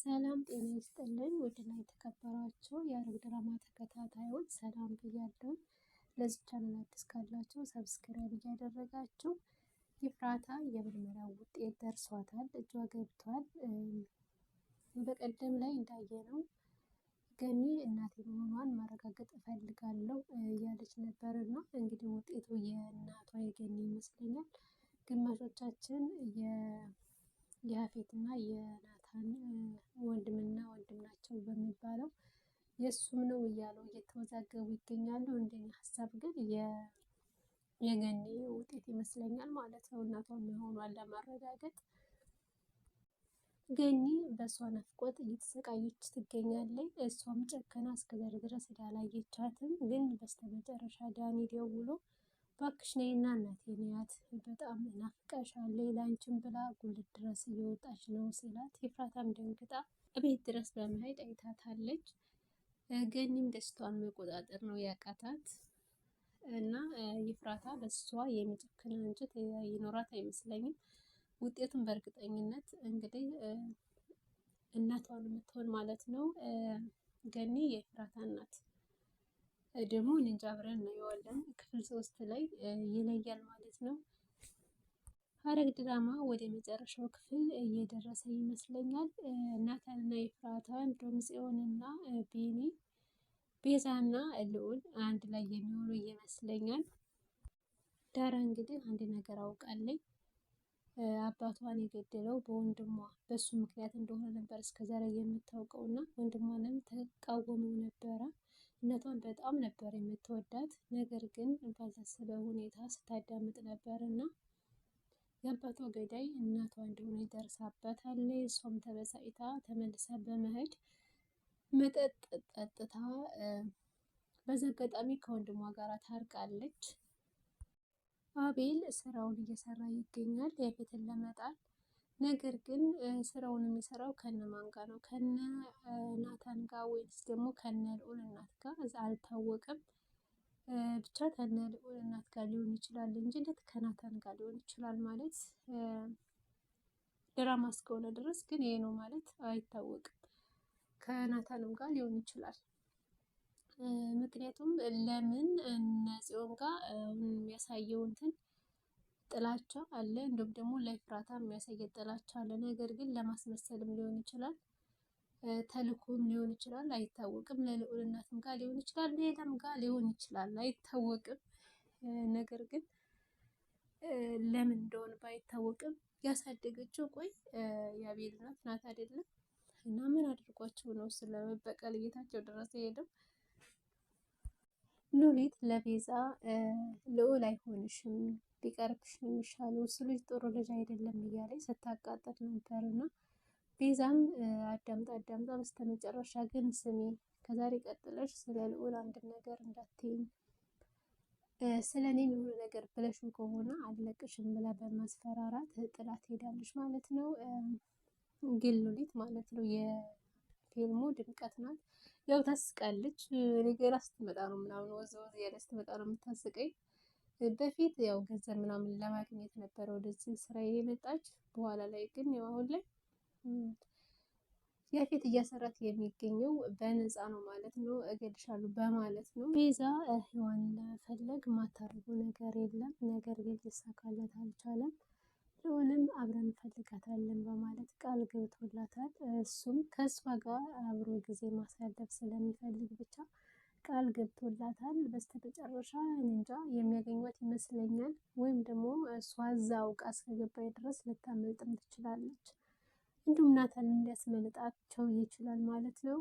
ሰላም ጤና ይስጥልኝ። ውድና የተከበራቸው የአረብ ድራማ ተከታታዮች ሰላም ብያለሁ። ለዚህ ቻናል አዲስ ካላችሁ ሰብስክራይብ እያደረጋችሁ ኤፍራታ የምርመራ ውጤት ደርሷታል፣ እጇ ገብቷል። በቀደም ላይ እንዳየነው ገኒ እናቴ መሆኗን ማረጋገጥ እፈልጋለሁ እያለች ነበር እና እንግዲህ ውጤቱ የእናቷ የገኒ ይመስለኛል። ግማሾቻችን የሀፌት እና የሚባለው የእሱም ነው እያሉ እየተወዛገቡ ይገኛሉ። እንደኔ ሀሳብ ግን የገኒ ውጤት ይመስለኛል ማለት ነው። እናቷ መሆኗን ለማረጋገጥ ገኒ በእሷ ናፍቆት እየተሰቃየች ትገኛለች። እሷም ጨከና እስከዛሬ ድረስ ሄዳ ግን በስተመጨረሻ ዳኒ ደውሎ ባክሽ ነይና እናቴ ንያት በጣም ናፍቀሻል፣ ላንቺን ብላ ጉልት ድረስ እየወጣች ነው ሲላት፣ ኤፍራታም ደንግጣ እቤት ድረስ በመሄድ አይታታለች። ገኒም ደስታዋን መቆጣጠር ነው ያቃታት እና ኤፍራታ በሷ የሚጨክን አንጀት ይኖራት አይመስለኝም። ውጤቱን በእርግጠኝነት እንግዲህ እናቷን የምትሆን ማለት ነው። ገኒ የኤፍራታ እናት ደግሞ ኒንጃ አብረን እናየዋለን። ክፍል ሶስት ላይ ይለያል ማለት ነው። ሐረግ ድራማ ወደ መጨረሻው ክፍል እየደረሰ ይመስለኛል። ናታንና ኤፍራታ እንዲሁም ጽዮንና ቤኒ ቤዛና ልዑል አንድ ላይ የሚሆኑ ይመስለኛል። ዳራ እንግዲህ አንድ ነገር አውቃለኝ አባቷን የገደለው በወንድሟ በሱ ምክንያት እንደሆነ ነበር እስከዛሬ የምታውቀው እና ወንድሟንም ተቃወመው ነበረ። እናቷን በጣም ነበር የምትወዳት። ነገር ግን ባልታሰበ ሁኔታ ስታዳምጥ ነበር እና የአባቷ ገዳይ እናቷ እንደሆነ ይደርሳበታል። እሷም ተበሳጭታ ተመልሳ በመሄድ መጠጥ ጠጥታ በዛ አጋጣሚ ከወንድሟ ጋር ታርቃለች። አቤል ስራውን እየሰራ ይገኛል። ያፌትን ለመጣል ነገር ግን ስራውን የሚሰራው ከነ ማን ጋር ነው? ከነ ናታን ጋር ወይስ ደግሞ ከነ ልዑል እናት ጋር አልታወቀም። ብቻ ከነ ልዑል እናት ጋር ሊሆን ይችላል እንጂ እንዴት ከናታን ጋር ሊሆን ይችላል ማለት ድራማ እስከሆነ ድረስ ግን ይሄ ነው ማለት አይታወቅም። ከናታንም ጋር ሊሆን ይችላል። ምክንያቱም ለምን እነ ጽዮን ጋር የሚያሳየው እንትን ጥላቻ አለ። እንዲሁም ደግሞ ለፍራታ የሚያሳየ ጥላቻ አለ። ነገር ግን ለማስመሰልም ሊሆን ይችላል፣ ተልኮም ሊሆን ይችላል፣ አይታወቅም። ለልዑል እናትም ጋር ሊሆን ይችላል፣ ሌላም ጋር ሊሆን ይችላል፣ አይታወቅም። ነገር ግን ለምን እንደሆነ ባይታወቅም ያሳደገችው ቆይ የአቤል እናት ናት አይደለም እና ምን አድርጓቸው ነው ስለመበቀል እየታቸው ድረስ የሄደው? ሉሊት ለቤዛ ልዑል አይሆንሽም ቢቀርብሽ ነው የሚሻለው እሱ ልጅ ጥሩ ልጅ አይደለም እያለች ስታቃጠል ነበር እና ቤዛም አዳምጣ አዳምጣ በስተመጨረሻ ግን ስሜ ከዛሬ ቀጥለሽ ስለ ልዑል አንድ ነገር እንዳትይኝ ስለ እኔ የሆነ ነገር ብለሽም ከሆነ አለቅሽም ብላ በማስፈራራት ጥላት ሄዳለች ማለት ነው። ግን ሉሊት ማለት ነው ፊልሙ ድምቀት ናት። ያው ታስቃለች። ሌላ ስትመጣ ነው ምናምን ወዘ ወዘ ያለ ስትመጣ ነው የምታስቀኝ። በፊት ያው ገንዘብ ምናምን ለማግኘት ነበረ ወደዚህ ስራ የመጣች። በኋላ ላይ ግን ያው አሁን ላይ የፊት እያሰራት የሚገኘው በነፃ ነው ማለት ነው። እገድሻሉ በማለት ነው። ቤዛ ህዋን ለመፈለግ ማታደርገው ነገር የለም። ነገር ግን ሊሳካላት አልቻለም። ጽዮንም አብረን እንፈልጋታለን በማለት ቃል ገብቶላታል። እሱም ከእሷ ጋር አብሮ ጊዜ ማሳለፍ ስለሚፈልግ ብቻ ቃል ገብቶላታል። በስተመጨረሻ እንጃ የሚያገኟት ይመስለኛል። ወይም ደግሞ እሷ እዛ አውቃ እስከገባች ድረስ ልታመልጥም ትችላለች። እንዲሁም ናታን ሊያስመልጣቸው ይችላል ማለት ነው።